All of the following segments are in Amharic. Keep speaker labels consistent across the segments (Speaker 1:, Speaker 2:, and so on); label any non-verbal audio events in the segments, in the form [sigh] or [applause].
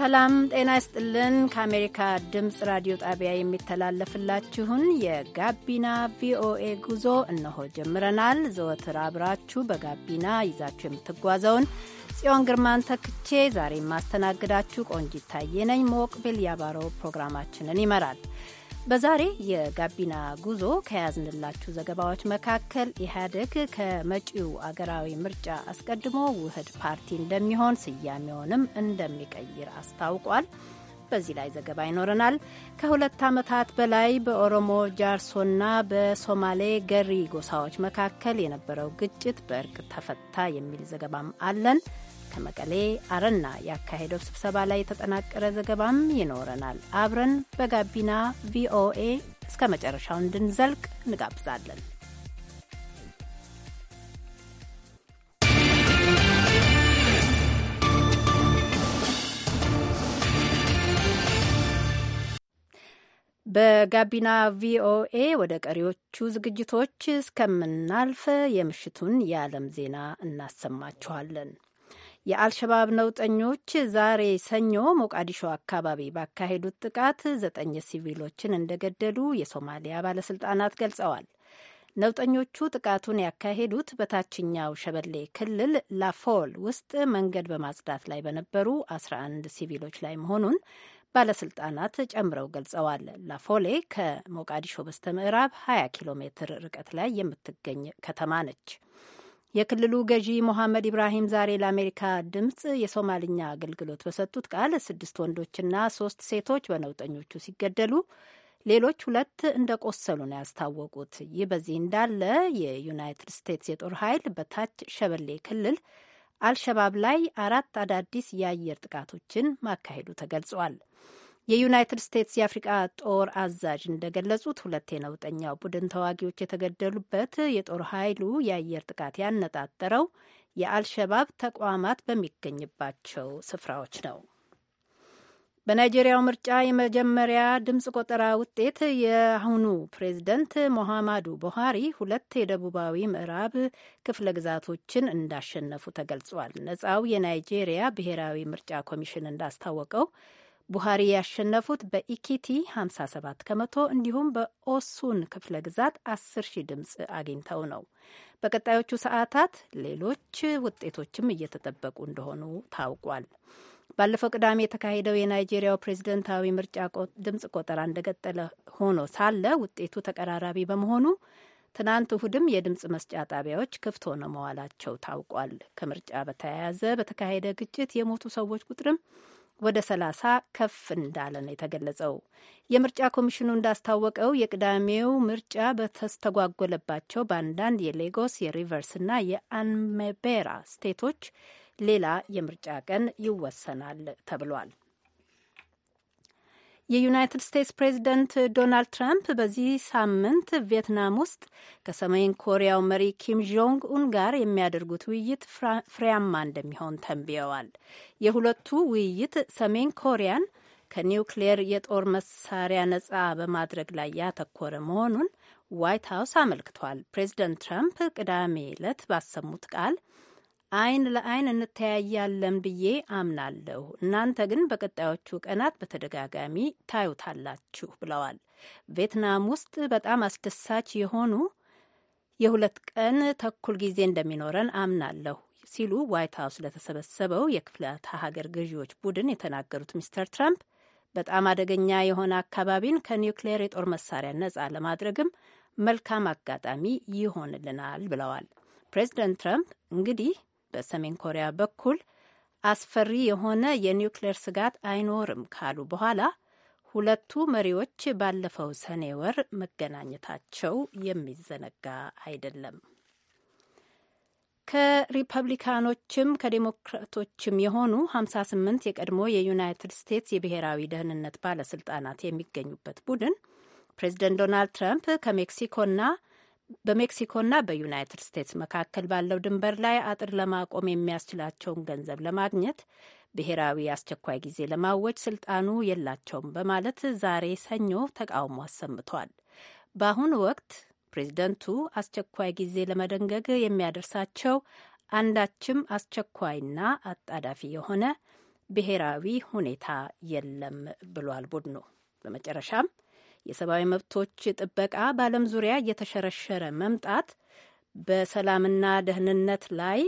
Speaker 1: ሰላም ጤና ይስጥልን። ከአሜሪካ ድምፅ ራዲዮ ጣቢያ የሚተላለፍላችሁን የጋቢና ቪኦኤ ጉዞ እነሆ ጀምረናል። ዘወትር አብራችሁ በጋቢና ይዛችሁ የምትጓዘውን ጽዮን ግርማን ተክቼ ዛሬ የማስተናግዳችሁ ቆንጂት ታዬ ነኝ። ሞቅቢል ያባረው ፕሮግራማችንን ይመራል። በዛሬ የጋቢና ጉዞ ከያዝንላችሁ ዘገባዎች መካከል ኢህአዴግ ከመጪው አገራዊ ምርጫ አስቀድሞ ውህድ ፓርቲ እንደሚሆን ስያሜውንም እንደሚቀይር አስታውቋል። በዚህ ላይ ዘገባ ይኖረናል። ከሁለት ዓመታት በላይ በኦሮሞ ጃርሶና በሶማሌ ገሪ ጎሳዎች መካከል የነበረው ግጭት በእርቅ ተፈታ የሚል ዘገባም አለን። ከመቀሌ አረና ያካሄደው ስብሰባ ላይ የተጠናቀረ ዘገባም ይኖረናል። አብረን በጋቢና ቪኦኤ እስከ መጨረሻው እንድንዘልቅ እንጋብዛለን። በጋቢና ቪኦኤ ወደ ቀሪዎቹ ዝግጅቶች እስከምናልፍ የምሽቱን የዓለም ዜና እናሰማችኋለን። የአልሸባብ ነውጠኞች ዛሬ ሰኞ ሞቃዲሾ አካባቢ ባካሄዱት ጥቃት ዘጠኝ ሲቪሎችን እንደገደሉ የሶማሊያ ባለስልጣናት ገልጸዋል። ነውጠኞቹ ጥቃቱን ያካሄዱት በታችኛው ሸበሌ ክልል ላፎል ውስጥ መንገድ በማጽዳት ላይ በነበሩ 11 ሲቪሎች ላይ መሆኑን ባለስልጣናት ጨምረው ገልጸዋል። ላፎሌ ከሞቃዲሾ በስተ ምዕራብ 20 ኪሎ ሜትር ርቀት ላይ የምትገኝ ከተማ ነች። የክልሉ ገዢ ሞሐመድ ኢብራሂም ዛሬ ለአሜሪካ ድምፅ የሶማልኛ አገልግሎት በሰጡት ቃል ስድስት ወንዶችና ሶስት ሴቶች በነውጠኞቹ ሲገደሉ ሌሎች ሁለት እንደቆሰሉ ነው ያስታወቁት። ይህ በዚህ እንዳለ የዩናይትድ ስቴትስ የጦር ኃይል በታች ሸበሌ ክልል አልሸባብ ላይ አራት አዳዲስ የአየር ጥቃቶችን ማካሄዱ ተገልጿል። የዩናይትድ ስቴትስ የአፍሪቃ ጦር አዛዥ እንደገለጹት ሁለት የነውጠኛው ቡድን ተዋጊዎች የተገደሉበት የጦር ኃይሉ የአየር ጥቃት ያነጣጠረው የአልሸባብ ተቋማት በሚገኝባቸው ስፍራዎች ነው። በናይጄሪያው ምርጫ የመጀመሪያ ድምፅ ቆጠራ ውጤት የአሁኑ ፕሬዝደንት ሞሐማዱ ቡሃሪ ሁለት የደቡባዊ ምዕራብ ክፍለ ግዛቶችን እንዳሸነፉ ተገልጿል። ነጻው የናይጄሪያ ብሔራዊ ምርጫ ኮሚሽን እንዳስታወቀው ቡሃሪ ያሸነፉት በኢኪቲ 57 ከመቶ እንዲሁም በኦሱን ክፍለ ግዛት 10 ሺህ ድምፅ አግኝተው ነው። በቀጣዮቹ ሰዓታት ሌሎች ውጤቶችም እየተጠበቁ እንደሆኑ ታውቋል። ባለፈው ቅዳሜ የተካሄደው የናይጄሪያው ፕሬዝደንታዊ ምርጫ ድምፅ ቆጠራ እንደቀጠለ ሆኖ ሳለ ውጤቱ ተቀራራቢ በመሆኑ ትናንት እሁድም የድምፅ መስጫ ጣቢያዎች ክፍት ሆነው መዋላቸው ታውቋል። ከምርጫ በተያያዘ በተካሄደ ግጭት የሞቱ ሰዎች ቁጥርም ወደ 30 ከፍ እንዳለ ነው የተገለጸው። የምርጫ ኮሚሽኑ እንዳስታወቀው የቅዳሜው ምርጫ በተስተጓጎለባቸው በአንዳንድ የሌጎስ የሪቨርስ እና የአንሜቤራ ስቴቶች ሌላ የምርጫ ቀን ይወሰናል ተብሏል። የዩናይትድ ስቴትስ ፕሬዚደንት ዶናልድ ትራምፕ በዚህ ሳምንት ቪየትናም ውስጥ ከሰሜን ኮሪያው መሪ ኪም ጆንግ ኡን ጋር የሚያደርጉት ውይይት ፍሬያማ እንደሚሆን ተንብየዋል። የሁለቱ ውይይት ሰሜን ኮሪያን ከኒውክሌር የጦር መሳሪያ ነጻ በማድረግ ላይ ያተኮረ መሆኑን ዋይት ሀውስ አመልክቷል። ፕሬዚደንት ትራምፕ ቅዳሜ ዕለት ባሰሙት ቃል አይን ለአይን እንተያያለን ብዬ አምናለሁ። እናንተ ግን በቀጣዮቹ ቀናት በተደጋጋሚ ታዩታላችሁ ብለዋል። ቬትናም ውስጥ በጣም አስደሳች የሆኑ የሁለት ቀን ተኩል ጊዜ እንደሚኖረን አምናለሁ ሲሉ ዋይት ሀውስ ለተሰበሰበው የክፍለ ሀገር ገዢዎች ቡድን የተናገሩት ሚስተር ትራምፕ በጣም አደገኛ የሆነ አካባቢን ከኒውክሌር የጦር መሳሪያ ነጻ ለማድረግም መልካም አጋጣሚ ይሆንልናል ብለዋል። ፕሬዚደንት ትራምፕ እንግዲህ በሰሜን ኮሪያ በኩል አስፈሪ የሆነ የኒውክሌር ስጋት አይኖርም ካሉ በኋላ ሁለቱ መሪዎች ባለፈው ሰኔ ወር መገናኘታቸው የሚዘነጋ አይደለም። ከሪፐብሊካኖችም ከዴሞክራቶችም የሆኑ 58 የቀድሞ የዩናይትድ ስቴትስ የብሔራዊ ደህንነት ባለስልጣናት የሚገኙበት ቡድን ፕሬዚደንት ዶናልድ ትራምፕ ከሜክሲኮና በሜክሲኮና በዩናይትድ ስቴትስ መካከል ባለው ድንበር ላይ አጥር ለማቆም የሚያስችላቸውን ገንዘብ ለማግኘት ብሔራዊ አስቸኳይ ጊዜ ለማወጅ ስልጣኑ የላቸውም በማለት ዛሬ ሰኞ ተቃውሞ አሰምቷል። በአሁኑ ወቅት ፕሬዚደንቱ አስቸኳይ ጊዜ ለመደንገግ የሚያደርሳቸው አንዳችም አስቸኳይና አጣዳፊ የሆነ ብሔራዊ ሁኔታ የለም ብሏል ቡድኑ። በመጨረሻም የሰብአዊ መብቶች ጥበቃ በዓለም ዙሪያ እየተሸረሸረ መምጣት በሰላምና ደህንነት ላይ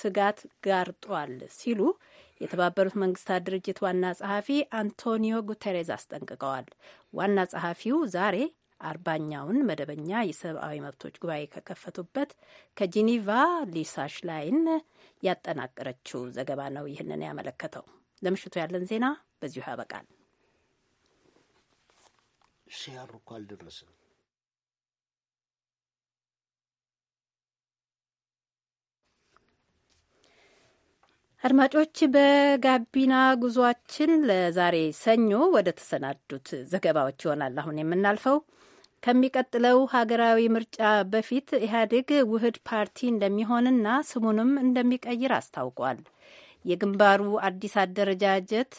Speaker 1: ስጋት ጋርጧል ሲሉ የተባበሩት መንግስታት ድርጅት ዋና ጸሐፊ አንቶኒዮ ጉተሬዝ አስጠንቅቀዋል። ዋና ጸሐፊው ዛሬ አርባኛውን መደበኛ የሰብአዊ መብቶች ጉባኤ ከከፈቱበት ከጂኒቫ ሊሳሽ ላይን ያጠናቀረችው ዘገባ ነው ይህንን ያመለከተው። ለምሽቱ ያለን ዜና በዚሁ ያበቃል።
Speaker 2: ሲያር እኮ አልደረስም።
Speaker 1: አድማጮች በጋቢና ጉዟችን ለዛሬ ሰኞ ወደ ተሰናዱት ዘገባዎች ይሆናል አሁን የምናልፈው። ከሚቀጥለው ሀገራዊ ምርጫ በፊት ኢህአዴግ ውህድ ፓርቲ እንደሚሆንና ስሙንም እንደሚቀይር አስታውቋል። የግንባሩ አዲስ አደረጃጀት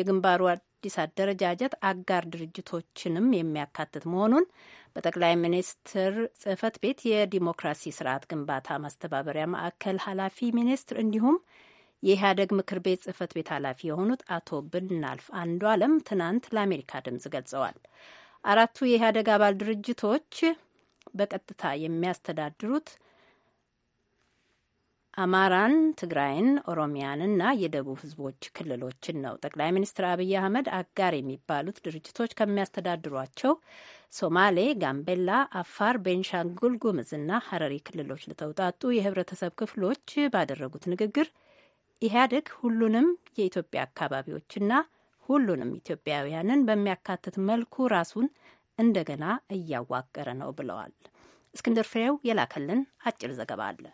Speaker 1: የግንባሩ አዲስ አደረጃጀት አጋር ድርጅቶችንም የሚያካትት መሆኑን በጠቅላይ ሚኒስትር ጽህፈት ቤት የዲሞክራሲ ስርዓት ግንባታ ማስተባበሪያ ማዕከል ኃላፊ ሚኒስትር እንዲሁም የኢህአደግ ምክር ቤት ጽህፈት ቤት ኃላፊ የሆኑት አቶ ብናልፍ አንዱ አለም ትናንት ለአሜሪካ ድምጽ ገልጸዋል። አራቱ የኢህአደግ አባል ድርጅቶች በቀጥታ የሚያስተዳድሩት አማራን፣ ትግራይን፣ ኦሮሚያንና የደቡብ ህዝቦች ክልሎችን ነው። ጠቅላይ ሚኒስትር አብይ አህመድ አጋር የሚባሉት ድርጅቶች ከሚያስተዳድሯቸው ሶማሌ፣ ጋምቤላ፣ አፋር፣ ቤንሻንጉል ጉምዝና ሀረሪ ክልሎች ለተውጣጡ የህብረተሰብ ክፍሎች ባደረጉት ንግግር ኢህአዴግ ሁሉንም የኢትዮጵያ አካባቢዎችና ሁሉንም ኢትዮጵያውያንን በሚያካትት መልኩ ራሱን እንደገና እያዋቀረ ነው ብለዋል። እስክንድር ፍሬው የላከልን አጭር ዘገባ አለ።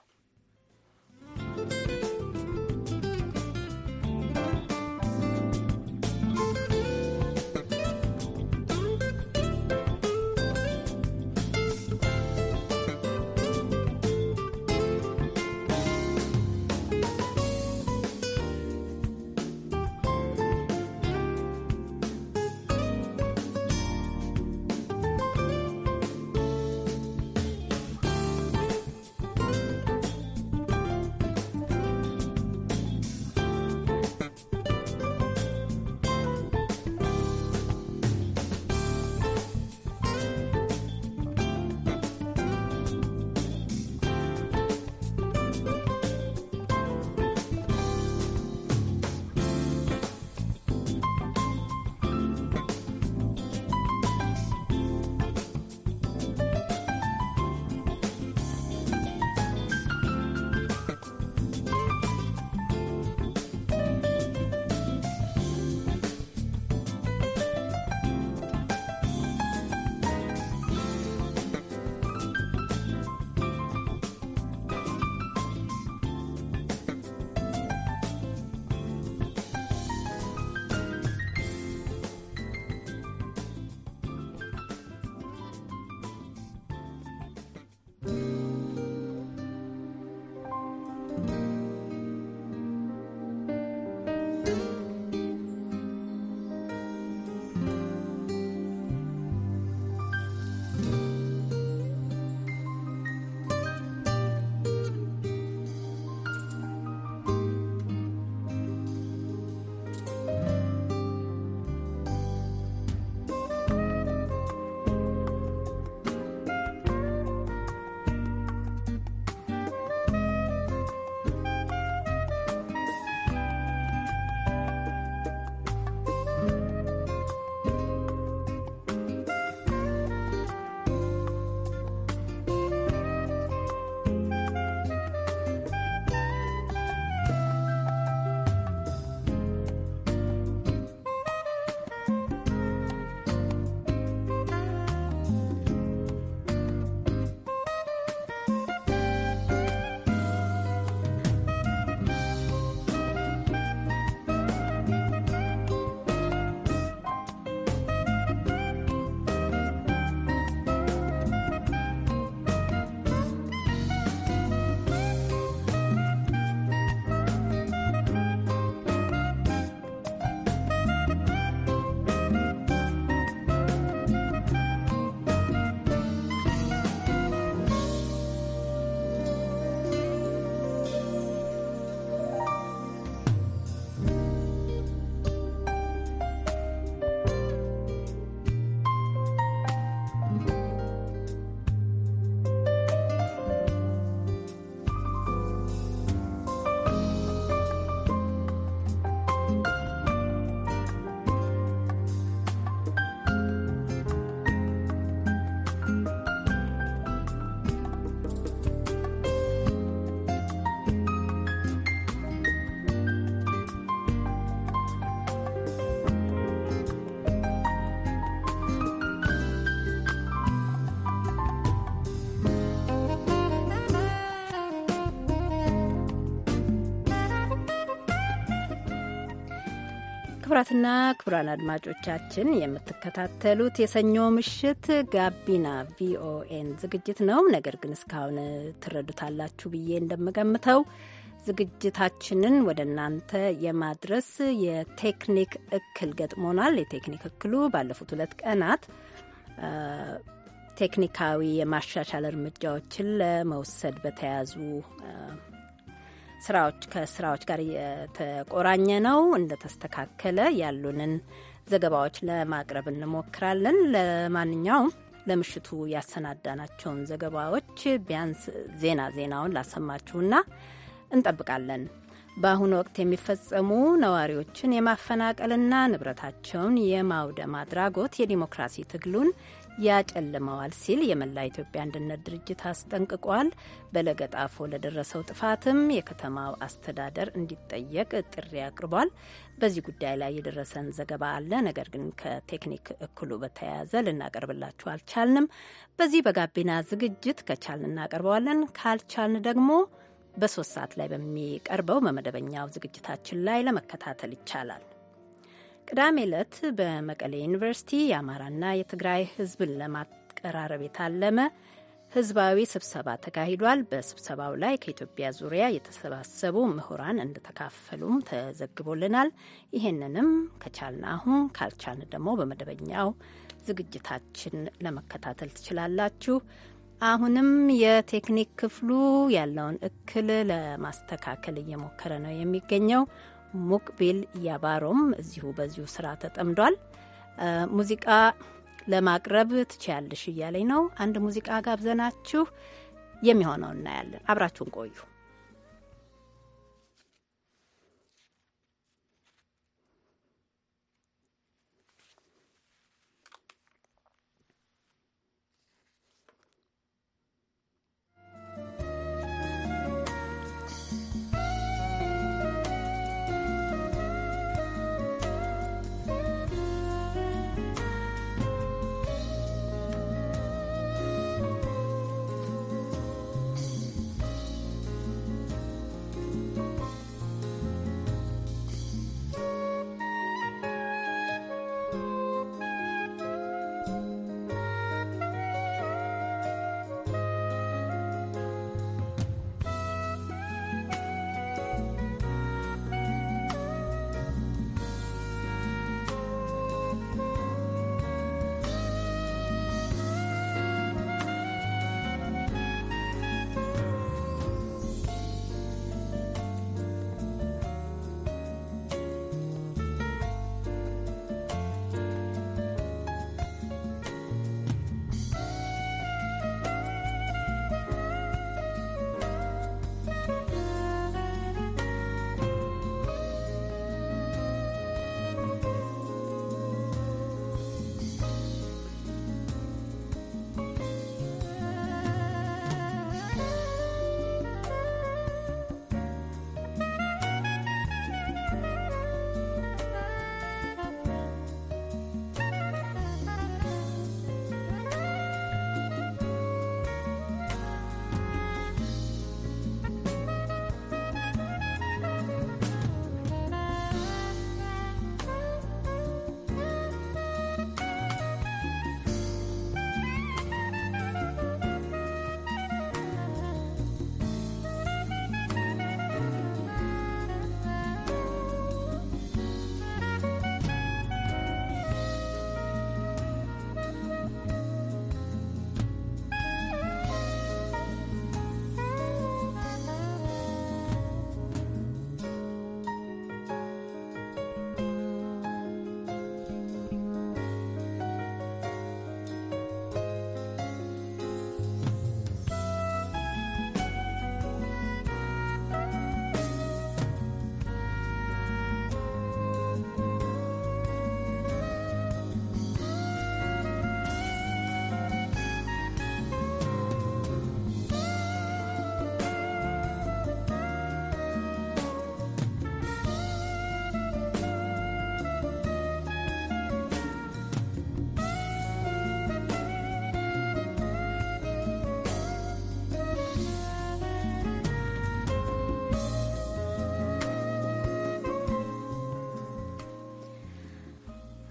Speaker 1: ክቡራትና ክቡራን አድማጮቻችን የምትከታተሉት የሰኞ ምሽት ጋቢና ቪኦኤን ዝግጅት ነው። ነገር ግን እስካሁን ትረዱታላችሁ ብዬ እንደምገምተው ዝግጅታችንን ወደ እናንተ የማድረስ የቴክኒክ እክል ገጥሞናል። የቴክኒክ እክሉ ባለፉት ሁለት ቀናት ቴክኒካዊ የማሻሻል እርምጃዎችን ለመውሰድ በተያዙ ስራዎች ከስራዎች ጋር የተቆራኘ ነው። እንደተስተካከለ ያሉንን ዘገባዎች ለማቅረብ እንሞክራለን። ለማንኛውም ለምሽቱ ያሰናዳናቸውን ዘገባዎች ቢያንስ ዜና ዜናውን ላሰማችሁና እንጠብቃለን። በአሁኑ ወቅት የሚፈጸሙ ነዋሪዎችን የማፈናቀልና ንብረታቸውን የማውደም አድራጎት የዲሞክራሲ ትግሉን ያጨልመዋል ሲል የመላ ኢትዮጵያ አንድነት ድርጅት አስጠንቅቋል። በለገጣፎ ለደረሰው ጥፋትም የከተማው አስተዳደር እንዲጠየቅ ጥሪ አቅርቧል። በዚህ ጉዳይ ላይ የደረሰን ዘገባ አለ። ነገር ግን ከቴክኒክ እክሉ በተያያዘ ልናቀርብላችሁ አልቻልንም። በዚህ በጋቢና ዝግጅት ከቻልን እናቀርበዋለን፣ ካልቻልን ደግሞ በሶስት ሰዓት ላይ በሚቀርበው በመደበኛው ዝግጅታችን ላይ ለመከታተል ይቻላል። ቅዳሜ ዕለት በመቀሌ ዩኒቨርሲቲ የአማራና የትግራይ ህዝብን ለማቀራረብ የታለመ ህዝባዊ ስብሰባ ተካሂዷል። በስብሰባው ላይ ከኢትዮጵያ ዙሪያ የተሰባሰቡ ምሁራን እንደተካፈሉም ተዘግቦልናል። ይህንንም ከቻልን አሁን ካልቻልን ደግሞ በመደበኛው ዝግጅታችን ለመከታተል ትችላላችሁ። አሁንም የቴክኒክ ክፍሉ ያለውን እክል ለማስተካከል እየሞከረ ነው የሚገኘው። ሙቅቢል ያባሮም እዚሁ በዚሁ ስራ ተጠምዷል። ሙዚቃ ለማቅረብ ትችያለሽ እያለኝ ነው። አንድ ሙዚቃ ጋብዘናችሁ የሚሆነው እናያለን። አብራችሁን ቆዩ።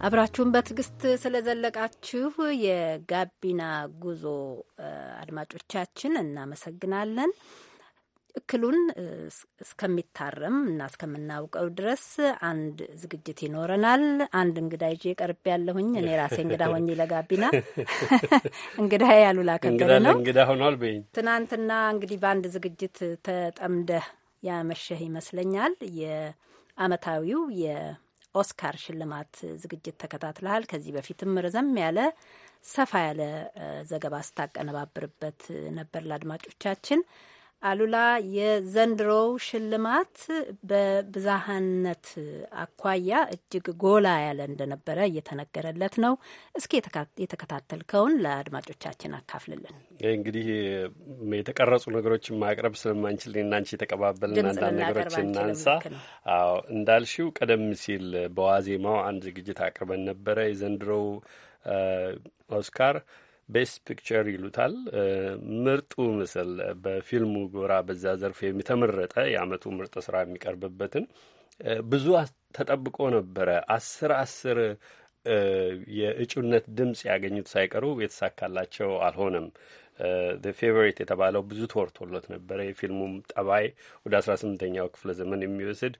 Speaker 1: አብራችሁን በትዕግስት ስለዘለቃችሁ የጋቢና ጉዞ አድማጮቻችን እናመሰግናለን። እክሉን እስከሚታረም እና እስከምናውቀው ድረስ አንድ ዝግጅት ይኖረናል። አንድ እንግዳ ይዤ ቀርብ ያለሁኝ እኔ ራሴ እንግዳ ሆኜ ለጋቢና [laughs] እንግዳ ያሉላ ከበደ ነው። እንግዳ ሆኗል። ትናንትና እንግዲህ በአንድ ዝግጅት ተጠምደህ ያመሸህ ይመስለኛል። የአመታዊው የ ኦስካር ሽልማት ዝግጅት ተከታትለሃል። ከዚህ በፊትም ረዘም ያለ ሰፋ ያለ ዘገባ ስታቀነባብርበት ነበር። ለአድማጮቻችን አሉላ የዘንድሮው ሽልማት በብዛሃነት አኳያ እጅግ ጎላ ያለ እንደነበረ እየተነገረለት ነው። እስኪ የተከታተልከውን ለአድማጮቻችን አካፍልልን።
Speaker 2: እንግዲህ የተቀረጹ ነገሮችን ማቅረብ ስለማንችል እኔና አንቺ የተቀባበልን አንዳንድ ነገሮች እናንሳ። አዎ እንዳልሽው ቀደም ሲል በዋዜማው አንድ ዝግጅት አቅርበን ነበረ። የዘንድሮው ኦስካር ቤስት ፒክቸር ይሉታል። ምርጡ ምስል በፊልሙ ጎራ በዛ ዘርፍ የተመረጠ የአመቱ ምርጥ ስራ የሚቀርብበትን ብዙ ተጠብቆ ነበረ። አስር አስር የእጩነት ድምፅ ያገኙት ሳይቀሩ የተሳካላቸው አልሆነም። ፌቨሪት የተባለው ብዙ ተወርቶሎት ነበረ። የፊልሙም ጠባይ ወደ አስራ ስምንተኛው ክፍለ ዘመን የሚወስድ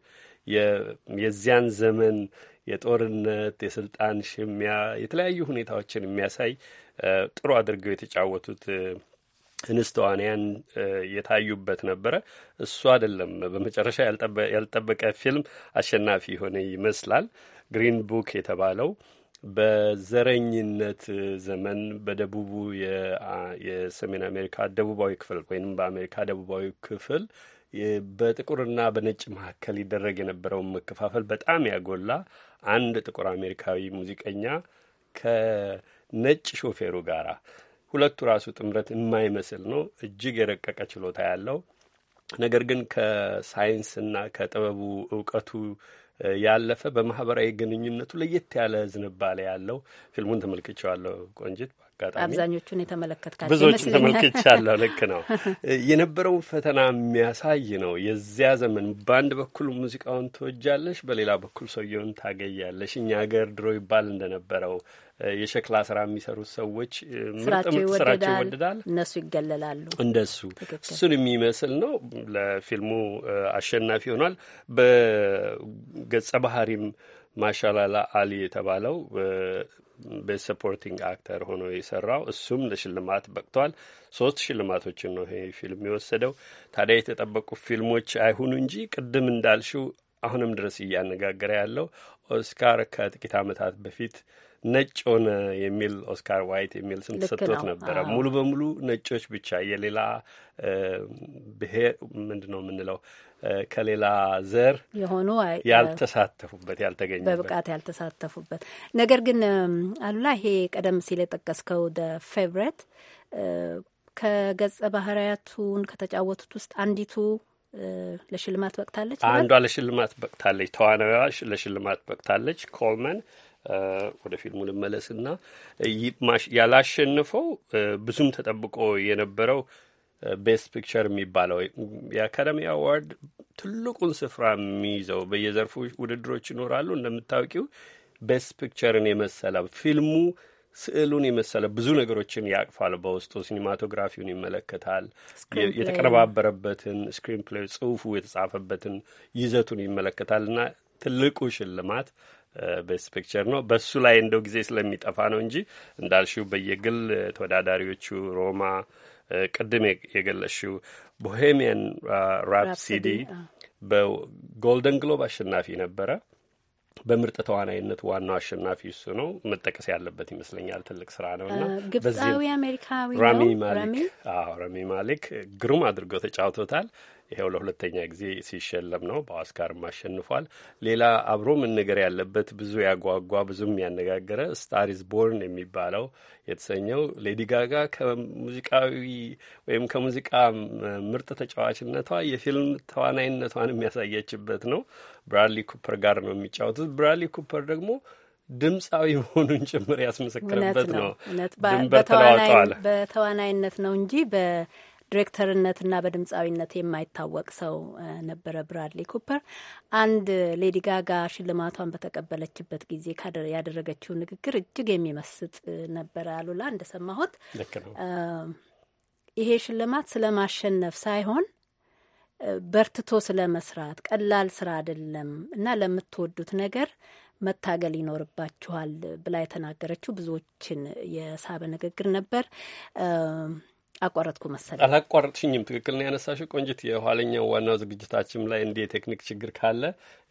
Speaker 2: የዚያን ዘመን የጦርነት የስልጣን ሽሚያ የተለያዩ ሁኔታዎችን የሚያሳይ ጥሩ አድርገው የተጫወቱት እንስተዋንያን የታዩበት ነበረ። እሱ አይደለም በመጨረሻ ያልጠበቀ ፊልም አሸናፊ የሆነ ይመስላል። ግሪን ቡክ የተባለው በዘረኝነት ዘመን በደቡቡ የሰሜን አሜሪካ ደቡባዊ ክፍል ወይም በአሜሪካ ደቡባዊ ክፍል በጥቁርና በነጭ መካከል ይደረግ የነበረውን መከፋፈል በጣም ያጎላ አንድ ጥቁር አሜሪካዊ ሙዚቀኛ ነጭ ሾፌሩ ጋራ ሁለቱ ራሱ ጥምረት የማይመስል ነው። እጅግ የረቀቀ ችሎታ ያለው ነገር ግን ከሳይንስና ከጥበቡ እውቀቱ ያለፈ በማህበራዊ ግንኙነቱ ለየት ያለ ዝንባሌ ያለው ፊልሙን ተመልክቼዋለሁ ቆንጅት አጋጣሚ
Speaker 1: አብዛኞቹን የተመለከትካቸው ብዙዎቹን ተመልክቻለሁ።
Speaker 2: ልክ ነው። [laughs] የነበረው ፈተና የሚያሳይ ነው። የዚያ ዘመን በአንድ በኩል ሙዚቃውን ትወጃለሽ፣ በሌላ በኩል ሰውየውን ታገያለሽ። እኛ ሀገር ድሮ ይባል እንደነበረው የሸክላ ስራ የሚሰሩት ሰዎች ምርጥምጥ ስራቸው ይወደዳል፣
Speaker 1: እነሱ ይገለላሉ።
Speaker 2: እንደሱ እሱን የሚመስል ነው። ለፊልሙ አሸናፊ ሆኗል። በገጸ ባህሪም ማሻላላ አሊ የተባለው በሰፖርቲንግ አክተር ሆኖ የሰራው እሱም ለሽልማት በቅቷል። ሶስት ሽልማቶችን ነው ይሄ ፊልም የወሰደው። ታዲያ የተጠበቁ ፊልሞች አይሁኑ እንጂ ቅድም እንዳልሽው አሁንም ድረስ እያነጋገረ ያለው ኦስካር ከጥቂት ዓመታት በፊት ነጭ ሆነ የሚል ኦስካር ዋይት የሚል ስም ተሰጥቶት ነበረ። ሙሉ በሙሉ ነጮች ብቻ የሌላ ብሄር ምንድን ነው የምንለው ከሌላ ዘር የሆኑ ያልተሳተፉበት ያልተገኙ በብቃት
Speaker 1: ያልተሳተፉበት ነገር ግን አሉላ ይሄ ቀደም ሲል የጠቀስከው ደ ፌቨሬት ከገጸ ባህሪያቱን ከተጫወቱት ውስጥ አንዲቱ ለሽልማት በቅታለች። አንዷ
Speaker 2: ለሽልማት በቅታለች። ተዋናዋ ለሽልማት በቅታለች። ኮልመን ወደ ፊልሙ ልመለስና ያላሸንፈው ብዙም ተጠብቆ የነበረው ቤስት ፒክቸር የሚባለው የአካደሚ አዋርድ ትልቁን ስፍራ የሚይዘው በየዘርፉ ውድድሮች ይኖራሉ። እንደምታውቂው ቤስት ፒክቸርን የመሰለ ፊልሙ ስዕሉን የመሰለ ብዙ ነገሮችን ያቅፋል በውስጡ። ሲኒማቶግራፊውን ይመለከታል፣ የተቀነባበረበትን ስክሪን ፕሌይ ጽሁፉ የተጻፈበትን ይዘቱን ይመለከታል እና ትልቁ ሽልማት ቤስት ፒክቸር ነው። በሱ ላይ እንደው ጊዜ ስለሚጠፋ ነው እንጂ እንዳልሽው በየግል ተወዳዳሪዎቹ ሮማ፣ ቅድም የገለሽው ቦሄሚያን ራፕሲዲ በጎልደን ግሎብ አሸናፊ ነበረ። በምርጥ ተዋናይነት ዋናው አሸናፊ እሱ ነው፣ መጠቀስ ያለበት ይመስለኛል። ትልቅ ስራ ነው እና ግብፃዊ አሜሪካዊ ራሚ ማሊክ ግሩም አድርገው ተጫውቶታል። ይኸው ለሁለተኛ ጊዜ ሲሸለም ነው። በኦስካርም አሸንፏል። ሌላ አብሮ መነገር ያለበት ብዙ ያጓጓ ብዙም ያነጋገረ ስታሪስ ቦርን የሚባለው የተሰኘው ሌዲ ጋጋ ከሙዚቃዊ ወይም ከሙዚቃ ምርጥ ተጫዋችነቷ የፊልም ተዋናይነቷን የሚያሳየችበት ነው። ብራድሊ ኩፐር ጋር ነው የሚጫወቱት። ብራድሊ ኩፐር ደግሞ ድምፃዊ መሆኑን ጭምር ያስመሰክርበት ነው።
Speaker 1: በተዋናይነት ነው እንጂ ዲሬክተርነትና በድምፃዊነት የማይታወቅ ሰው ነበረ ብራድሊ ኩፐር። አንድ ሌዲ ጋጋ ሽልማቷን በተቀበለችበት ጊዜ ያደረገችው ንግግር እጅግ የሚመስጥ ነበረ። አሉላ እንደሰማሁት ይሄ ሽልማት ስለ ማሸነፍ ሳይሆን በርትቶ ስለ መስራት ቀላል ስራ አይደለም እና ለምትወዱት ነገር መታገል ይኖርባችኋል ብላ የተናገረችው ብዙዎችን የሳበ ንግግር ነበር። አቋረጥኩ መሰለኝ።
Speaker 2: አላቋረጥሽኝም። ትክክል ነው ያነሳሽው ቆንጅት። የኋለኛው ዋናው ዝግጅታችን ላይ እንዲህ የቴክኒክ ችግር ካለ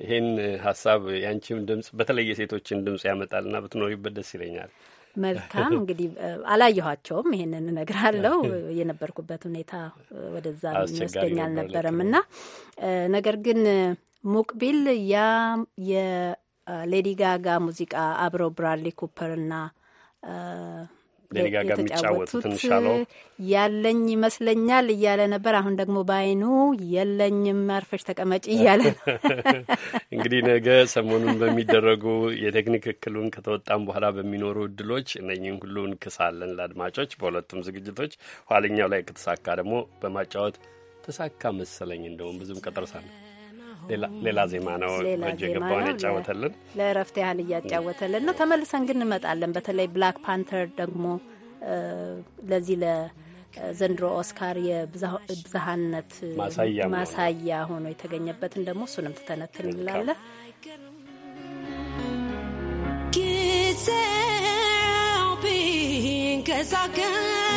Speaker 2: ይሄን ሀሳብ ያንቺም ድምጽ በተለየ ሴቶችን ድምጽ ያመጣልና ብትኖሪበት ደስ ይለኛል።
Speaker 1: መልካም እንግዲህ አላየኋቸውም። ይሄንን እነግራለሁ። የነበርኩበት ሁኔታ ወደዛ የሚወስደኝ አልነበረም እና ነገር ግን ሙቅቢል ያ የሌዲ ጋጋ ሙዚቃ አብረው ብራድሊ ኩፐርና ሌሊጋ ጋር ትንሽ አለው ያለኝ ይመስለኛል እያለ ነበር። አሁን ደግሞ በአይኑ የለኝም አርፈሽ ተቀመጪ እያለ [laughs] [laughs]
Speaker 2: እንግዲህ ነገ ሰሞኑን በሚደረጉ የቴክኒክ እክሉን ከተወጣም በኋላ በሚኖሩ እድሎች እነኝን ሁሉ እንክሳለን ለአድማጮች በሁለቱም ዝግጅቶች። ኋለኛው ላይ ከተሳካ ደግሞ በማጫወት ተሳካ መሰለኝ እንደውም ብዙም ቀጠርሳለሁ ሌላ ዜማ ነው ረጀ ገባውን ያጫወተልን
Speaker 1: ለእረፍት ያህል እያጫወተልን ነው። ተመልሰን ግን እንመጣለን። በተለይ ብላክ ፓንተር ደግሞ ለዚህ ለዘንድሮ ኦስካር የብዝሃነት ማሳያ ሆኖ የተገኘበትን ደግሞ እሱንም ትተነትንላለ Cause I can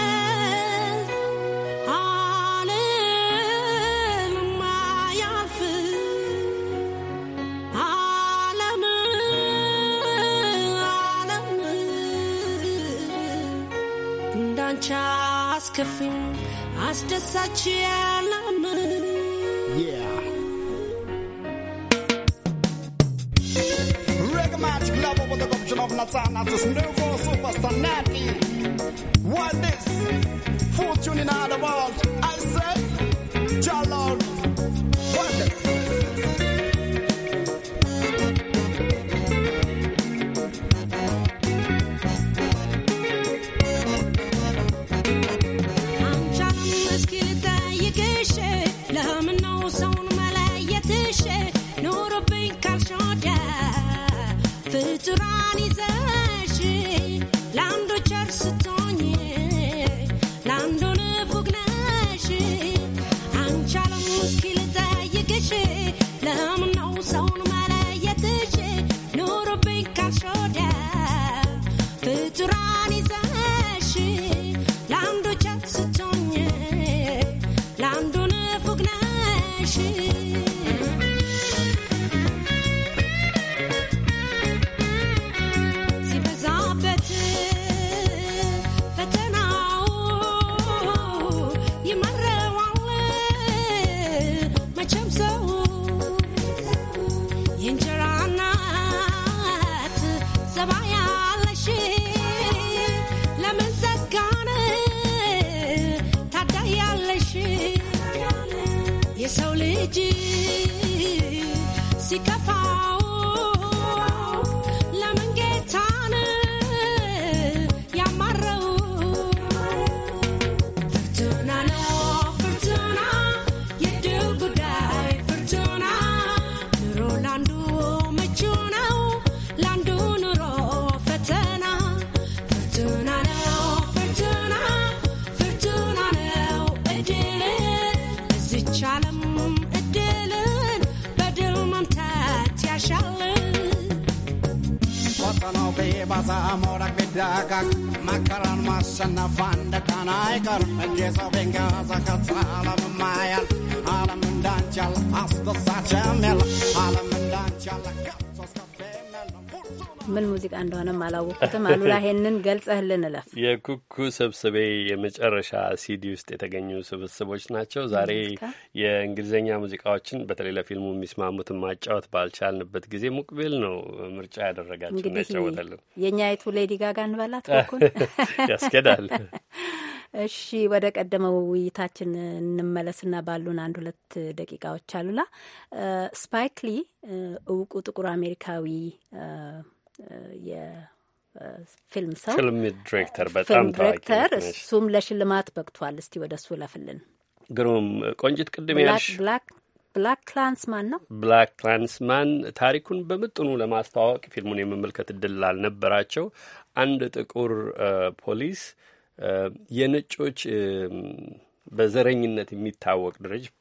Speaker 3: አስከፊም አስደሳች ያለም Regmatic level with the corruption of this What this? Fortune in se cafal
Speaker 2: ማሸነፍ አንድ ቀን አይቀርም። ጌሰቤን ገዛ ከዛ ዓለም ማያል ዓለም እንዳንቻል አስደሳች የሚል ዓለም እንዳንቻል
Speaker 1: ምን ሙዚቃ እንደሆነም አላወቁትም። አሉላ ይሄንን ገልጸህልን እለፍ።
Speaker 2: የኩኩ ስብስቤ የመጨረሻ ሲዲ ውስጥ የተገኙ ስብስቦች ናቸው። ዛሬ የእንግሊዝኛ ሙዚቃዎችን በተለይ ለፊልሙ የሚስማሙትን ማጫወት ባልቻልንበት ጊዜ ሙቅቤል ነው ምርጫ ያደረጋቸው ያጫወታለን።
Speaker 1: የእኛ የቱ ሌዲ ጋጋ እንበላት ኩኩን [laughs] ያስኬዳል። [laughs] እሺ ወደ ቀደመው ውይይታችን እንመለስና ባሉን አንድ ሁለት ደቂቃዎች አሉላ ስፓይክሊ እውቁ ጥቁር አሜሪካዊ የፊልም ሰው ፊልም ዲሬክተር በጣም ዲሬክተር እሱም ለሽልማት በቅቷል። እስቲ ወደ እሱ ለፍልን።
Speaker 2: ግሩም ቆንጅት ቅድም ያልሽ
Speaker 1: ብላክ ክላንስማን ነው።
Speaker 2: ብላክ ክላንስማን ታሪኩን በምጥኑ ለማስተዋወቅ ፊልሙን የመመልከት እድል ላልነበራቸው አንድ ጥቁር ፖሊስ የነጮች በዘረኝነት የሚታወቅ ድርጅት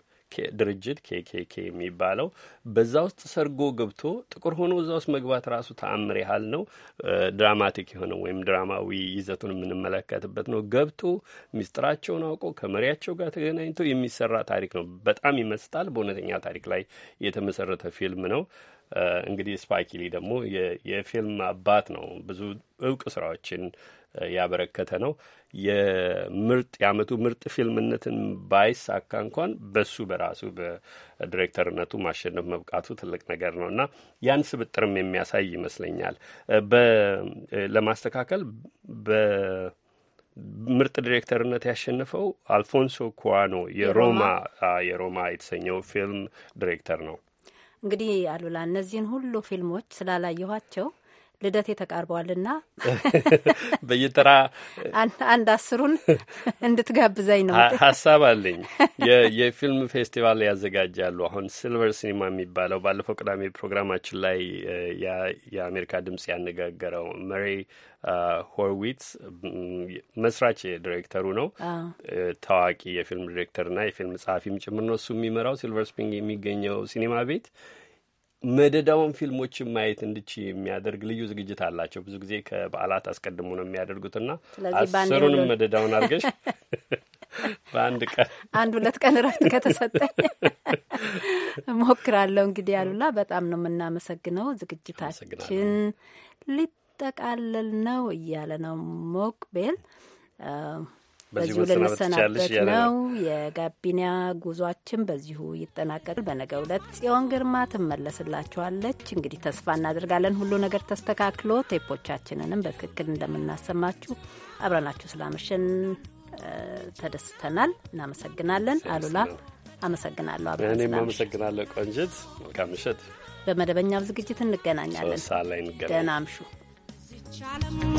Speaker 2: ድርጅት ኬኬኬ የሚባለው በዛ ውስጥ ሰርጎ ገብቶ ጥቁር ሆኖ እዛ ውስጥ መግባት ራሱ ተአምር ያህል ነው። ድራማቲክ የሆነ ወይም ድራማዊ ይዘቱን የምንመለከትበት ነው። ገብቶ ሚስጥራቸውን አውቆ ከመሪያቸው ጋር ተገናኝቶ የሚሰራ ታሪክ ነው። በጣም ይመስጣል። በእውነተኛ ታሪክ ላይ የተመሰረተ ፊልም ነው። እንግዲህ ስፓይኪሊ ደግሞ የፊልም አባት ነው። ብዙ እውቅ ስራዎችን ያበረከተ ነው። የምርጥ የአመቱ ምርጥ ፊልምነትን ባይሳካ እንኳን በሱ በራሱ በዲሬክተርነቱ ማሸነፍ መብቃቱ ትልቅ ነገር ነው እና ያን ስብጥርም የሚያሳይ ይመስለኛል ለማስተካከል በምርጥ ዲሬክተርነት ያሸነፈው አልፎንሶ ኩዋኖ የሮማ የሮማ የተሰኘው ፊልም ዲሬክተር ነው።
Speaker 1: እንግዲህ አሉላ እነዚህን ሁሉ ፊልሞች ስላላየኋቸው ልደቴ ተቃርበዋልና [laughs] በየተራ አንድ አስሩን እንድትጋብዘኝ ነው
Speaker 2: ሀሳብ አለኝ። የፊልም ፌስቲቫል ያዘጋጃሉ። አሁን ሲልቨር ሲኒማ የሚባለው ባለፈው ቅዳሜ ፕሮግራማችን ላይ የአሜሪካ ድምጽ ያነጋገረው መሬ ሆርዊትስ መስራች ዲሬክተሩ ነው። ታዋቂ የፊልም ዲሬክተርና የፊልም ጸሐፊም ጭምር ነው። እሱ የሚመራው ሲልቨር ስፕሪንግ የሚገኘው ሲኒማ ቤት መደዳውን ፊልሞችን ማየት እንድች የሚያደርግ ልዩ ዝግጅት አላቸው። ብዙ ጊዜ ከበዓላት አስቀድሞ ነው የሚያደርጉትና አስሩንም መደዳውን አድርገሽ [laughs] በአንድ ቀን [laughs] አንድ ሁለት ቀን እረፍት ከተሰጠኝ [laughs]
Speaker 1: ሞክራለሁ። እንግዲህ ያሉላ በጣም ነው የምናመሰግነው። ዝግጅታችን ሊጠቃለል ነው እያለ ነው ሞቅቤል
Speaker 2: በዚሁ ልንሰናበት ነው።
Speaker 1: የጋቢና ጉዟችን በዚሁ ይጠናቀቅ። በነገ ዕለት ጽዮን ግርማ ትመለስላችኋለች። እንግዲህ ተስፋ እናደርጋለን ሁሉ ነገር ተስተካክሎ ቴፖቻችንንም በትክክል እንደምናሰማችሁ አብረናችሁ ስላመሸን ተደስተናል። እናመሰግናለን። አሉላ አመሰግናለሁ። አብረን እኔም
Speaker 2: አመሰግናለሁ። ቆንጅት መልካም ምሽት።
Speaker 1: በመደበኛው ዝግጅት እንገናኛለን። ደህና እድልም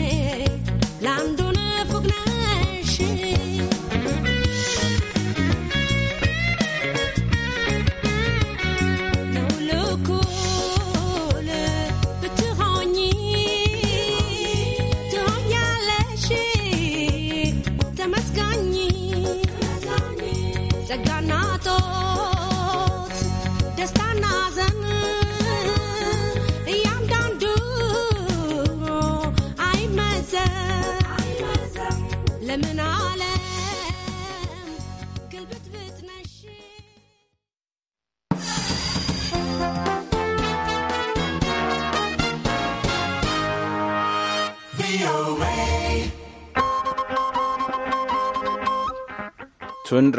Speaker 1: son